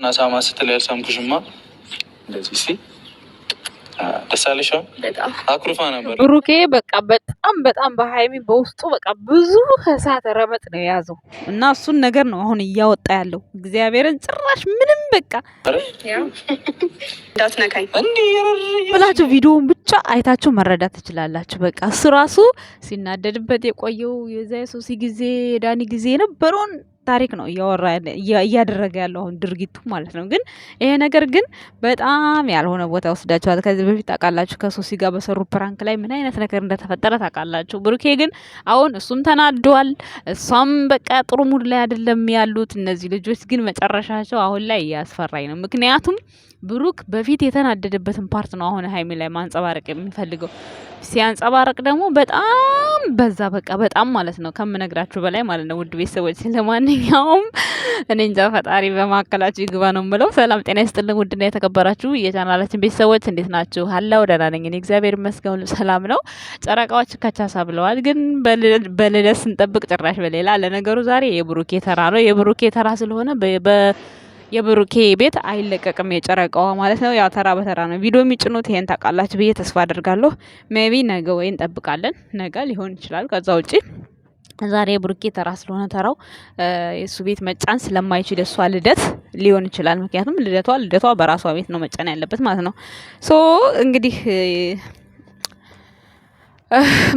እና ሳማ ስትል ያልሳምኩሽማ እንደዚህ ሲ ነበር። ብሩኬ በቃ በጣም በጣም በሀይሚ በውስጡ በቃ ብዙ እሳት ረመጥ ነው የያዘው እና እሱን ነገር ነው አሁን እያወጣ ያለው እግዚአብሔርን ጭራሽ ምንም በቃ ብላችሁ ቪዲዮውን ብቻ አይታችሁ መረዳት ትችላላችሁ። በቃ እሱ ራሱ ሲናደድበት የቆየው የዛ የሶሲ ጊዜ የዳኒ ጊዜ የነበረውን ታሪክ ነው እያደረገ ያለው አሁን ድርጊቱ ማለት ነው። ግን ይሄ ነገር ግን በጣም ያልሆነ ቦታ ወስዳችኋል። ከዚህ በፊት ታውቃላችሁ፣ ከሶሲ ጋር በሰሩ ፕራንክ ላይ ምን አይነት ነገር እንደተፈጠረ ታውቃላችሁ። ብሩኬ ግን አሁን እሱም ተናደዋል፣ እሷም በቃ ጥሩ ሙድ ላይ አይደለም ያሉት እነዚህ ልጆች። ግን መጨረሻቸው አሁን ላይ እያስፈራኝ ነው። ምክንያቱም ብሩክ በፊት የተናደደበትን ፓርት ነው አሁን ሀይሚ ላይ ማንጸባረቅ የሚፈልገው ሲያንጸባረቅ ደግሞ በጣም በዛ በቃ በጣም ማለት ነው ከምነግራችሁ በላይ ማለት ነው ውድ ቤተሰቦች። ለማንኛውም እኔ እንጃ ፈጣሪ በማካከላችሁ ይግባ ነው የምለው። ሰላም ጤና ይስጥልን ውድና የተከበራችሁ የቻናላችን ቤተሰቦች እንዴት ናችሁ? አለው ደህና ነኝ እኔ እግዚአብሔር ይመስገን ሰላም ነው። ጨረቃዎች ከቻሳ ብለዋል፣ ግን በልደት ስንጠብቅ ጭራሽ በሌላ ለነገሩ ዛሬ የብሩኬ ተራ ነው። የብሩኬ ተራ ስለሆነ የብሩኬ ቤት አይለቀቅም፣ የጨረቃዋ ማለት ነው። ያው ተራ በተራ ነው ቪዲዮ የሚጭኑት። ይሄን ታውቃላችሁ ብዬ ተስፋ አደርጋለሁ ሜቢ ነገ ወይ እንጠብቃለን፣ ነገ ሊሆን ይችላል። ከዛ ውጪ ዛሬ ብሩኬ ተራ ስለሆነ ተራው የእሱ ቤት መጫን ስለማይችል የእሷ ልደት ሊሆን ይችላል። ምክንያቱም ልደቷ ልደቷ በራሷ ቤት ነው መጫን ያለበት ማለት ነው። ሶ እንግዲህ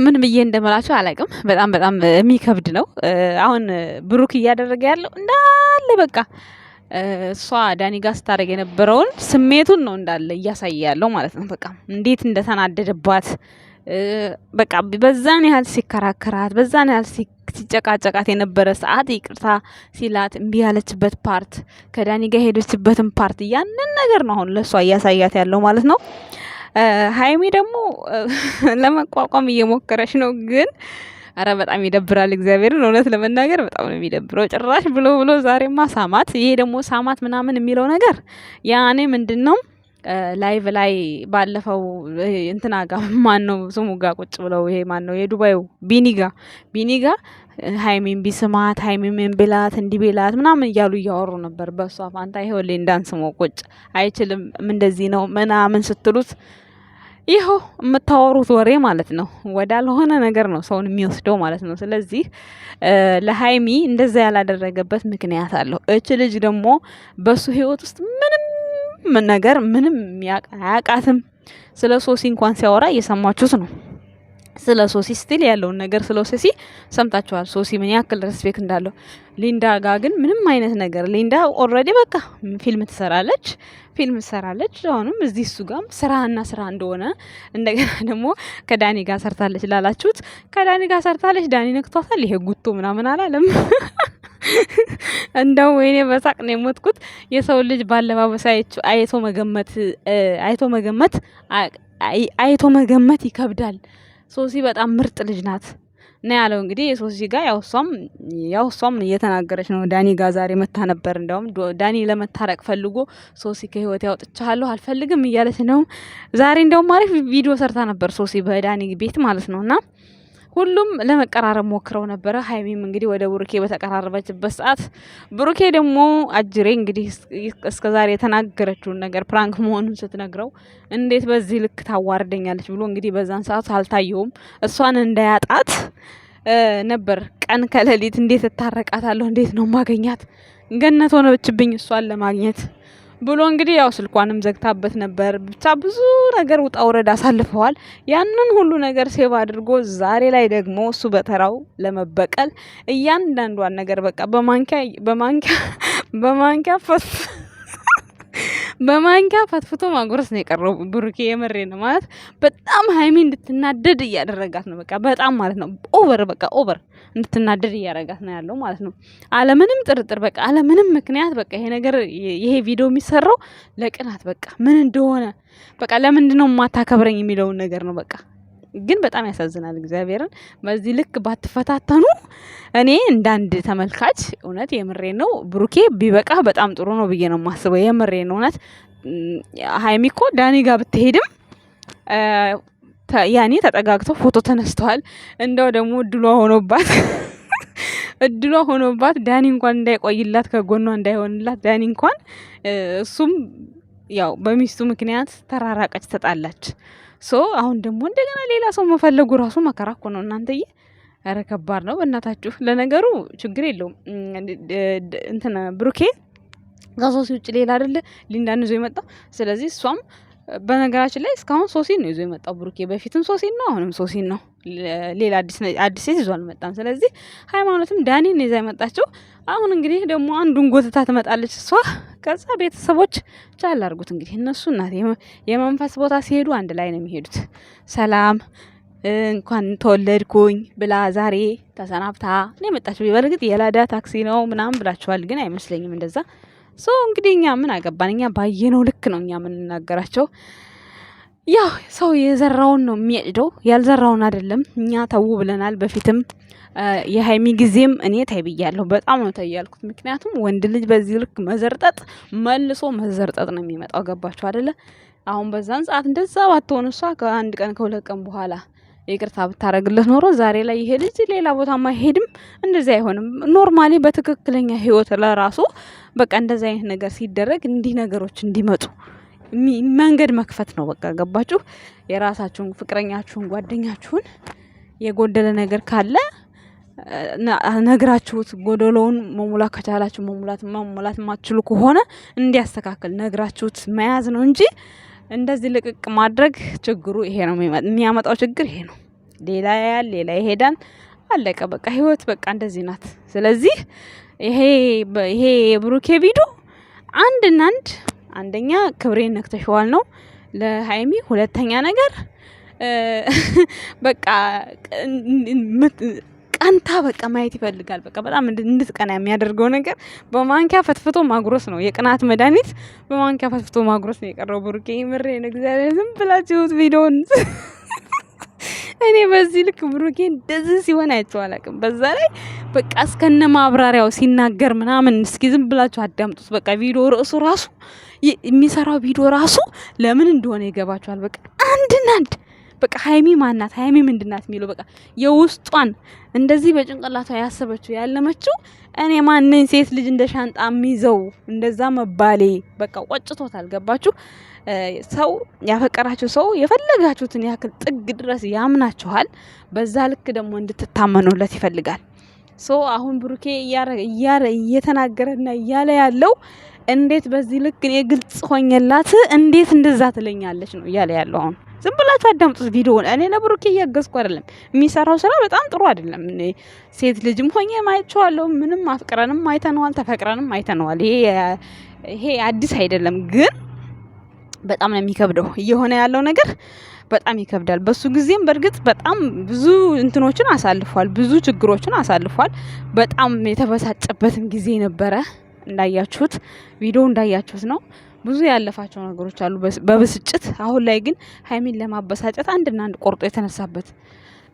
ምን ብዬ እንደመላቸው አላቅም። በጣም በጣም የሚከብድ ነው። አሁን ብሩክ እያደረገ ያለው እንዳለ በቃ እሷ ዳኒ ጋር ስታደርግ የነበረውን ስሜቱን ነው እንዳለ እያሳየ ያለው ማለት ነው። በቃ እንዴት እንደተናደደባት በቃ በዛን ያህል ሲከራከራት፣ በዛን ያህል ሲጨቃጨቃት የነበረ ሰዓት ይቅርታ ሲላት እምቢ ያለችበት ፓርት፣ ከዳኒ ጋር የሄደችበትን ፓርት ያንን ነገር ነው አሁን ለእሷ እያሳያት ያለው ማለት ነው። ሀይሚ ደግሞ ለመቋቋም እየሞከረች ነው ግን አረ በጣም ይደብራል። እግዚአብሔርን እውነት ለመናገር በጣም ነው የሚደብረው። ጭራሽ ብሎ ብሎ ዛሬማ ሳማት። ይሄ ደግሞ ሳማት ምናምን የሚለው ነገር ያኔ ምንድን ነው ላይቭ ላይ ባለፈው እንትና ጋ ማን ነው ስሙ ጋ ቁጭ ብለው ይሄ ማን ነው የዱባዩ ቢኒጋ ቢኒጋ ሀይሚን ቢስማት ሀይሚን ብላት እንዲህ ብላት ምናምን እያሉ እያወሩ ነበር። በእሷ ፋንታ ይሄው ወሌ እንዳንስሞ ቁጭ አይችልም እንደዚህ ነው ምናምን ስትሉት ይኸው የምታወሩት ወሬ ማለት ነው ወዳልሆነ ነገር ነው ሰውን የሚወስደው ማለት ነው። ስለዚህ ለሀይሚ እንደዛ ያላደረገበት ምክንያት አለው። እች ልጅ ደግሞ በሱ ህይወት ውስጥ ምንም ነገር ምንም አያውቃትም ስለ ሶሲ እንኳን ሲያወራ እየሰማችሁት ነው። ስለ ሶሲ ስትል ያለውን ነገር ስለ ሶሲ ሰምታችኋል። ሶሲ ምን ያክል ሬስፔክት እንዳለው ሊንዳ ጋ ግን ምንም አይነት ነገር ሊንዳ ኦልሬዲ በቃ ፊልም ትሰራለች፣ ፊልም ትሰራለች። አሁንም እዚህ እሱ ጋም ስራና ስራ እንደሆነ እንደገና ደግሞ ከዳኒ ጋር ሰርታለች ላላችሁት ከዳኒ ጋር ሰርታለች። ዳኒ ነክቷታል። ይሄ ጉቶ ምናምን አላለም። እንደው ወይኔ በሳቅ ነው የሞትኩት። የሰው ልጅ ባለባበስ አይቶ መገመት አይቶ መገመት አይቶ መገመት ይከብዳል። ሶሲ በጣም ምርጥ ልጅ ናት ነው ያለው። እንግዲህ የሶሲ ጋር ያው እሷም ያው እሷም እየተናገረች ነው። ዳኒ ጋር ዛሬ መታ ነበር። እንደውም ዳኒ ለመታረቅ ፈልጎ ሶሲ ከህይወት ያውጥቻለሁ አልፈልግም እያለች ነው። ዛሬ እንደውም አሪፍ ቪዲዮ ሰርታ ነበር ሶሲ በዳኒ ቤት ማለት ነው እና ሁሉም ለመቀራረብ ሞክረው ነበረ። ሀይሚም እንግዲህ ወደ ብሩኬ በተቀራረበችበት ሰዓት ብሩኬ ደግሞ አጅሬ እንግዲህ እስከዛሬ የተናገረችውን ነገር ፕራንክ መሆኑን ስትነግረው እንዴት በዚህ ልክ ታዋርደኛለች ብሎ እንግዲህ በዛን ሰዓት አልታየውም። እሷን እንዳያጣት ነበር ቀን ከሌሊት እንዴት እታረቃታለሁ፣ እንዴት ነው ማገኛት፣ ገነት ሆነችብኝ እሷን ለማግኘት ብሎ እንግዲህ ያው ስልኳንም ዘግታበት ነበር። ብቻ ብዙ ነገር ውጣ ውረድ አሳልፈዋል። ያንን ሁሉ ነገር ሴቭ አድርጎ ዛሬ ላይ ደግሞ እሱ በተራው ለመበቀል እያንዳንዷን ነገር በቃ በማንኪያ በማንኪያ በማንኪያ በማንኪያ ፈትፍቶ ማጉረስ ነው የቀረው ብሩኬ። የመሬ ነው ማለት በጣም ሀይሚ እንድትናደድ እያደረጋት ነው። በቃ በጣም ማለት ነው ኦቨር፣ በቃ ኦቨር እንድትናደድ እያደረጋት ነው ያለው ማለት ነው። አለምንም ጥርጥር በቃ አለምንም ምክንያት በቃ ይሄ ነገር ይሄ ቪዲዮ የሚሰራው ለቅናት በቃ ምን እንደሆነ በቃ ለምንድነው የማታከብረኝ የሚለውን ነገር ነው በቃ ግን በጣም ያሳዝናል። እግዚአብሔርን በዚህ ልክ ባትፈታተኑ እኔ እንዳንድ ተመልካች እውነት የምሬ ነው ብሩኬ ቢበቃ በጣም ጥሩ ነው ብዬ ነው የማስበው። የምሬ ነው እውነት ሀይሚ እኮ ዳኒ ጋር ብትሄድም ያኔ ተጠጋግተው ፎቶ ተነስተዋል። እንደው ደግሞ እድሏ ሆኖባት እድሏ ሆኖባት ዳኒ እንኳን እንዳይቆይላት ከጎኗ እንዳይሆንላት ዳኒ እንኳን እሱም ያው በሚስቱ ምክንያት ተራራቀች፣ ተጣላች። ሶ አሁን ደግሞ እንደገና ሌላ ሰው መፈለጉ ራሱ መከራ እኮ ነው እናንተዬ። ኧረ ከባድ ነው በእናታችሁ። ለነገሩ ችግር የለውም እንትን ብሩኬ ከሶስት ውጭ ሌላ አይደለ ሊንዳን ይዞ የመጣው ስለዚህ እሷም በነገራችን ላይ እስካሁን ሶሲን ነው ይዞ የመጣው ብሩኬ። በፊትም ሶሲን ነው፣ አሁንም ሶሲን ነው። ሌላ አዲስ ሴት ይዞ አልመጣም። ስለዚህ ሃይማኖትም ዳኒን ይዛ የመጣችው አሁን እንግዲህ ደግሞ አንዱን ጎትታ ትመጣለች እሷ። ከዛ ቤተሰቦች ቻል አድርጉት እንግዲህ እነሱ እናት የመንፈስ ቦታ ሲሄዱ አንድ ላይ ነው የሚሄዱት። ሰላም እንኳን ተወለድኩኝ ብላ ዛሬ ተሰናብታ ነው የመጣችው። በእርግጥ የላዳ ታክሲ ነው ምናምን ብላችኋል፣ ግን አይመስለኝም እንደዛ ሶ እንግዲህ እኛ ምን አገባን? እኛ ባየነው ልክ ነው እኛ የምንናገራቸው። ያው ሰው የዘራውን ነው የሚያጭደው፣ ያልዘራውን አይደለም። እኛ ተው ብለናል። በፊትም የሀይሚ ጊዜም እኔ ታይ ብያለሁ። በጣም ነው ታይ ያልኩት። ምክንያቱም ወንድ ልጅ በዚህ ልክ መዘርጠጥ መልሶ መዘርጠጥ ነው የሚመጣው። ገባችሁ አደለ? አሁን በዛን ሰዓት እንደዛ ባትሆን እሷ ከአንድ ቀን ከሁለት ቀን በኋላ ይቅርታ ብታደረግልህ ኖሮ ዛሬ ላይ ይሄ ልጅ ሌላ ቦታ አይሄድም። እንደዚህ አይሆንም። ኖርማሊ በትክክለኛ ህይወት ለራሱ በቃ እንደዚ አይነት ነገር ሲደረግ እንዲህ ነገሮች እንዲመጡ መንገድ መክፈት ነው። በቃ ገባችሁ? የራሳችሁን ፍቅረኛችሁን፣ ጓደኛችሁን የጎደለ ነገር ካለ ነግራችሁት ጎደሎውን መሙላት ከቻላችሁ መሙላት መሙላት ማትችሉ ከሆነ እንዲያስተካክል ነግራችሁት መያዝ ነው እንጂ እንደዚህ ልቅቅ ማድረግ ችግሩ ይሄ ነው። የሚያመጣው ችግር ይሄ ነው። ሌላ ያያል፣ ሌላ ይሄዳል። አለቀ በቃ ህይወት በቃ እንደዚህ ናት። ስለዚህ ይሄ ይሄ የብሩኬ ቪዲዮ አንድ እና አንድ አንደኛ ክብሬን ነክተሽዋል ነው ለሀይሚ። ሁለተኛ ነገር በቃ ቀንታ በቃ ማየት ይፈልጋል። በቃ በጣም እንድትቀና የሚያደርገው ነገር በማንኪያ ፈትፍቶ ማጉረስ ነው። የቅናት መድኃኒት በማንኪያ ፈትፍቶ ማጉረስ ነው የቀረው። ብሩኬ ምሬን እግዚአብሔር ዝም ብላችሁት ቪዲዮን እኔ በዚህ ልክ ብሩኬ እንደዚህ ሲሆን አይቼው አላውቅም። በዛ ላይ በቃ እስከነ ማብራሪያው ሲናገር ምናምን እስኪ ዝም ብላችሁ አዳምጡት። በቃ ቪዲዮ ርዕሱ ራሱ የሚሰራው ቪዲዮ ራሱ ለምን እንደሆነ ይገባችኋል። በቃ አንድና አንድ በቃ ሀይሚ ማናት ሀይሚ ምንድናት የሚሉ በቃ የውስጧን እንደዚህ በጭንቅላቷ ያሰበችው ያለመችው እኔ ማንን ሴት ልጅ እንደ ሻንጣ የሚይዘው እንደዛ መባሌ በቃ ቆጭቶት አልገባችሁ ሰው ያፈቀራችሁ ሰው የፈለጋችሁትን ያክል ጥግ ድረስ ያምናችኋል። በዛ ልክ ደግሞ እንድትታመኑለት ይፈልጋል። ሶ አሁን ብሩኬ እየተናገረና እያለ ያለው እንዴት በዚህ ልክ እኔ ግልጽ ሆኜላት እንዴት እንደዛ ትለኛለች ነው እያለ ያለው አሁን ዝም ብላችሁ አዳምጡት ቪዲዮውን። እኔ ለብሩኬ እያገዝኩ አይደለም። የሚሰራው ስራ በጣም ጥሩ አይደለም። ሴት ልጅም ሆኜ ማይቸዋለሁ። ምንም አፍቅረንም አይተነዋል፣ ተፈቅረንም አይተነዋል። ይሄ አዲስ አይደለም፣ ግን በጣም ነው የሚከብደው። እየሆነ ያለው ነገር በጣም ይከብዳል። በሱ ጊዜም በእርግጥ በጣም ብዙ እንትኖችን አሳልፏል፣ ብዙ ችግሮችን አሳልፏል። በጣም የተበሳጨበትም ጊዜ ነበረ። እንዳያችሁት ቪዲዮ እንዳያችሁት ነው። ብዙ ያለፋቸው ነገሮች አሉ በብስጭት አሁን ላይ ግን ሀይሚን ለማበሳጨት አንድና አንድ ቆርጦ የተነሳበት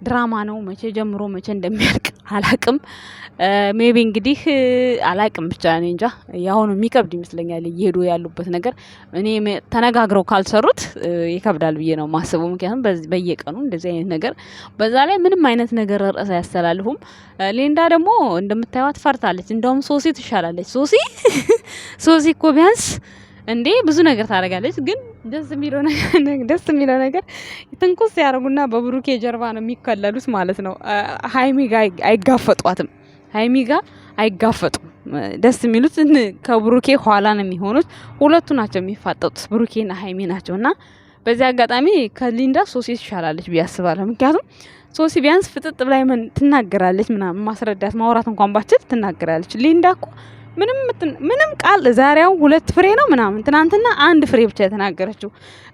ድራማ ነው። መቼ ጀምሮ መቼ እንደሚያልቅ አላቅም። ሜቢ እንግዲህ አላቅም ብቻ እኔ እንጃ። የአሁኑ የሚከብድ ይመስለኛል እየሄዱ ያሉበት ነገር። እኔ ተነጋግረው ካልሰሩት ይከብዳል ብዬ ነው ማስበው። ምክንያቱም በየቀኑ እንደዚህ አይነት ነገር፣ በዛ ላይ ምንም አይነት ነገር ርዕስ አያስተላልፉም። ሌንዳ ደግሞ እንደምታዩት ፈርታለች። እንደውም ሶሲ ትሻላለች። ሶሲ ሶሲ እኮ ቢያንስ እንዴ ብዙ ነገር ታደርጋለች። ግን ደስ የሚለው ነገር ደስ የሚለው ነገር ትንኩስ ያደርጉና በብሩኬ ጀርባ ነው የሚከለሉት ማለት ነው። ሀይሚ ጋ አይጋፈጧትም። ሀይሚ ጋ አይጋፈጡም። ደስ የሚሉት ከብሩኬ ኋላ ነው የሚሆኑት። ሁለቱ ናቸው የሚፋጠጡት፣ ብሩኬና ሀይሚ ናቸው እና በዚህ አጋጣሚ ከሊንዳ ሶሲ ትሻላለች ብዬ አስባለሁ። ምክንያቱም ሶሲ ቢያንስ ፍጥጥ ላይ ትናገራለች፣ ምናምን ማስረዳት ማውራት እንኳን ባችል ትናገራለች። ሊንዳ እኮ ምንም ቃል ዛሬው ሁለት ፍሬ ነው ምናምን፣ ትናንትና አንድ ፍሬ ብቻ የተናገረችው።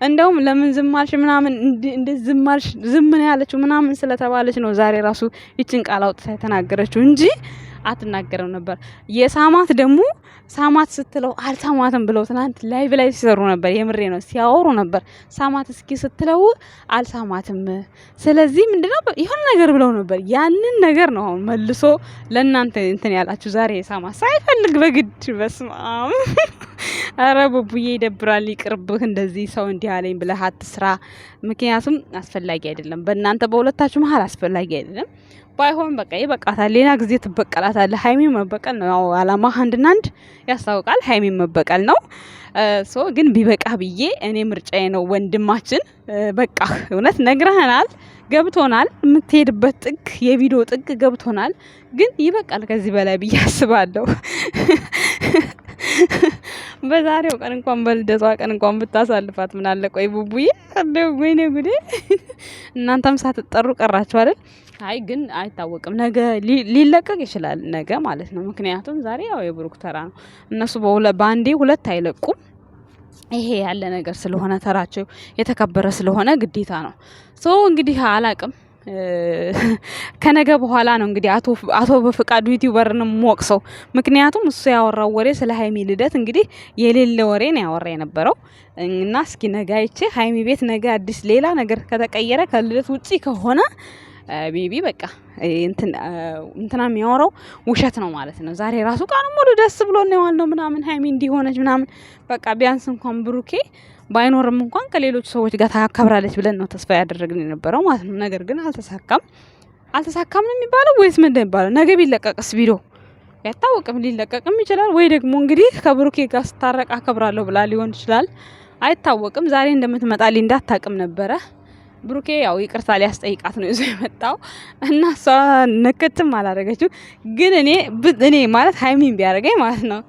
እንደውም ለምን ዝም አልሽ ምናምን እንደ ዝም አልሽ ዝም ነው ያለችው ምናምን ስለተባለች ነው ዛሬ ራሱ ይችን ቃል አውጥታ የተናገረችው እንጂ አትናገረው ነበር። የሳማት ደግሞ ሳማት ስትለው አልሳማትም ብለው ትናንት ላይቭ ላይ ሲሰሩ ነበር። የምሬ ነው ሲያወሩ ነበር። ሳማት እስኪ ስትለው አልሳማትም። ስለዚህ ምንድነው የሆነ ነገር ብለው ነበር። ያንን ነገር ነው አሁን መልሶ ለእናንተ እንትን ያላችሁ ዛሬ የሳማት ሳይፈልግ በግድ በስማም አረ ቡቡዬ ይደብራል። ይቅርብህ። እንደዚህ ሰው እንዲህ አለኝ ብለህ አትስራ። ምክንያቱም አስፈላጊ አይደለም። በእናንተ በሁለታችሁ መሀል አስፈላጊ አይደለም። ባይሆን በቃ ይበቃታል። ሌላ ጊዜ ትበቀላታለህ። ሀይሚ መበቀል ነው አላማ። አንድ ና አንድ ያስታውቃል። ሀይሚ መበቀል ነው። ሶ ግን ቢበቃ ብዬ እኔ ምርጫዬ ነው። ወንድማችን በቃ እውነት ነግረህናል። ገብቶናል። የምትሄድበት ጥግ የቪዲዮ ጥግ ገብቶናል። ግን ይበቃል ከዚህ በላይ ብዬ አስባለሁ። በዛሬው ቀን እንኳን በልደቷ ቀን እንኳን ብታሳልፋት ምናለ ቆይ ቡቡዬ ወይኔ ጉዴ እናንተም ሳትጠሩ ቀራችሁ አይደል? አይ ግን አይታወቅም። ነገ ሊለቀቅ ይችላል፣ ነገ ማለት ነው። ምክንያቱም ዛሬ ያው የብሩክ ተራ ነው። እነሱ በአንዴ ሁለት አይለቁም። ይሄ ያለ ነገር ስለሆነ ተራቸው የተከበረ ስለሆነ ግዴታ ነው። ሶ እንግዲህ አላቅም ከነገ በኋላ ነው እንግዲህ አቶ በፍቃዱ ዩቲዩበርን ሞቅ ሰው ምክንያቱም እሱ ያወራው ወሬ ስለ ሀይሚ ልደት እንግዲህ የሌለ ወሬ ነው ያወራ የነበረው እና እስኪ ነጋ ይቼ ሀይሚ ቤት ነገ አዲስ ሌላ ነገር ከተቀየረ ከልደት ውጪ ከሆነ ቢቢ በቃ እንትና የሚያወራው ውሸት ነው ማለት ነው። ዛሬ ራሱ ቀኑን ሙሉ ደስ ብሎ ነው የዋልነው ምናምን ሀይሚ እንዲሆነች ምናምን በቃ ቢያንስ እንኳን ብሩኬ ባይኖርም እንኳን ከሌሎች ሰዎች ጋር ታከብራለች ብለን ነው ተስፋ ያደረግን የነበረው ማለት ነው። ነገር ግን አልተሳካም። አልተሳካም ነው የሚባለው ወይስ ምንድን ይባላል? ነገ ቢለቀቅስ ቪዲዮ ያታወቅም ሊለቀቅም ይችላል ወይ ደግሞ እንግዲህ ከብሩኬ ጋር ስታረቅ አከብራለሁ ብላ ሊሆን ይችላል። አይታወቅም። ዛሬ እንደምትመጣ ሊንዳ አታውቅም ነበረ። ብሩኬ ያው ይቅርታ ሊያስጠይቃት ነው ይዞ የመጣው እና እሷ ነከትም አላደረገችው። ግን እኔ እኔ ማለት ሀይሚን ቢያደርገኝ ማለት ነው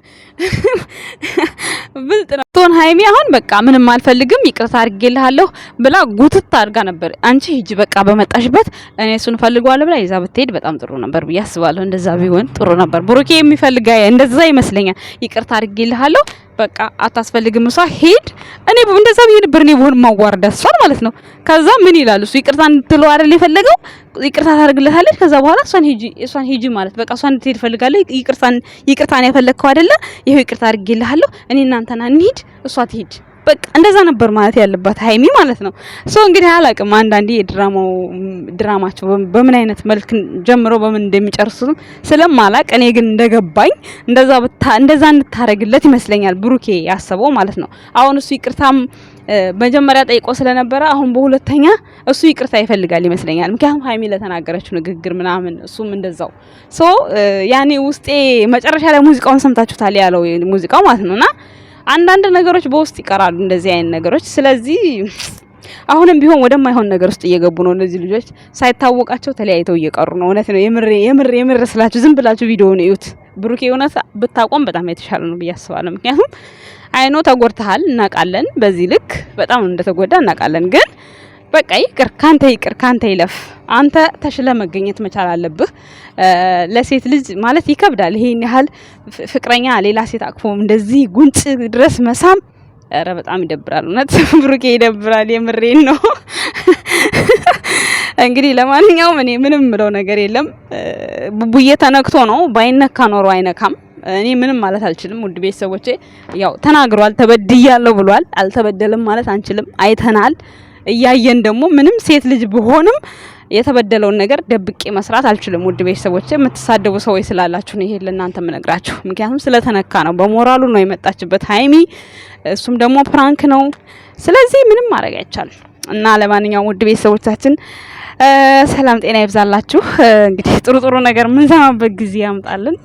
ብልጥ ነው ቶን ሀይሚ አሁን በቃ ምንም አልፈልግም ይቅርታ አድርጌልሃለሁ ብላ ጉትት አድርጋ ነበር። አንቺ ሂጂ በቃ በመጣሽበት እኔ እሱን ፈልገዋለሁ ብላ ይዛ ብትሄድ በጣም ጥሩ ነበር ብዬ አስባለሁ። እንደዛ ቢሆን ጥሩ ነበር። ብሩኬ የሚፈልጋ እንደዛ ይመስለኛል። ይቅርታ አድርጌልሃለሁ በቃ አታስፈልግም፣ እሷ ሄድ። እኔ እንደዛ ብዬ ነበር እኔ ብሆን ማዋረድ እሷን ማለት ነው። ከዛ ምን ይላል እሱ ይቅርታ እንድትለው አይደል የፈለገው፣ ይቅርታ ታደርግለታለች። ከዛ በኋላ እሷን ሂጂ እሷን ሂጂ ማለት በቃ እሷን እንድትሄድ ፈልጋለሁ፣ ይቅርታን ይቅርታን ያፈለግከው አይደለ? ይሄው ይቅርታ አድርጌልሃለሁ። እኔ እናንተና እንሂድ፣ እሷ ትሂድ በቃ እንደዛ ነበር ማለት ያለባት ሀይሚ ማለት ነው። ሶ እንግዲህ አላቅም አንዳንዴ የድራማው ድራማቸው በምን አይነት መልክ ጀምሮ በምን እንደሚጨርሱትም ስለማላቅ እኔ ግን እንደገባኝ እንደዛ እንደዛ እንታረግለት ይመስለኛል ብሩኬ ያሰበው ማለት ነው። አሁን እሱ ይቅርታም መጀመሪያ ጠይቆ ስለነበረ አሁን በሁለተኛ እሱ ይቅርታ ይፈልጋል ይመስለኛል። ምክንያቱም ሀይሚ ለተናገረችው ንግግር ምናምን እሱም እንደዛው ሶ ያኔ ውስጤ መጨረሻ ላይ ሙዚቃውን ሰምታችሁታል ያለው ሙዚቃው ማለት ነውና አንዳንድ ነገሮች በውስጥ ይቀራሉ እንደዚህ አይነት ነገሮች። ስለዚህ አሁንም ቢሆን ወደማይሆን ነገር ውስጥ እየገቡ ነው እነዚህ ልጆች። ሳይታወቃቸው ተለያይተው እየቀሩ ነው። እውነት ነው። የምር የምር የምር ስላችሁ ዝም ብላችሁ ቪዲዮውን እዩት። ብሩኬ እውነት ብታቆም በጣም የተሻለ ነው ብዬ አስባለሁ። ምክንያቱም አይኖ ተጎድተሃል፣ እናውቃለን። በዚህ ልክ በጣም እንደተጎዳ እናውቃለን ግን በቃ ይቅር፣ ካንተ ይቅር፣ ካንተ ይለፍ። አንተ ተሽለ መገኘት መቻል አለብህ። ለሴት ልጅ ማለት ይከብዳል። ይሄን ያህል ፍቅረኛ ሌላ ሴት አቅፎም እንደዚህ ጉንጭ ድረስ መሳም ኧረ በጣም ይደብራል። እውነት ብሩኬ ይደብራል። የምሬን ነው። እንግዲህ ለማንኛውም እኔ ምንም ምለው ነገር የለም። ቡቡዬ ተነክቶ ነው። ባይነካ ኖሮ አይነካም። እኔ ምንም ማለት አልችልም። ውድ ቤተሰቦቼ ያው ተናግሯል፣ ተበድያለሁ ብሏል። አልተበደልም ማለት አንችልም። አይተናል እያየን ደግሞ ምንም ሴት ልጅ ብሆንም የተበደለውን ነገር ደብቄ መስራት አልችልም። ውድ ቤተሰቦች የምትሳደቡ ሰዎች ስላላችሁ ነው ይሄ ለእናንተ የምነግራችሁ። ምክንያቱም ስለተነካ ነው፣ በሞራሉ ነው የመጣችበት ሀይሚ። እሱም ደግሞ ፕራንክ ነው። ስለዚህ ምንም ማድረግ አይቻልም። እና ለማንኛውም ውድ ቤተሰቦቻችን ሰላም ጤና ይብዛላችሁ። እንግዲህ ጥሩ ጥሩ ነገር ምንሰማበት ጊዜ ያምጣልን።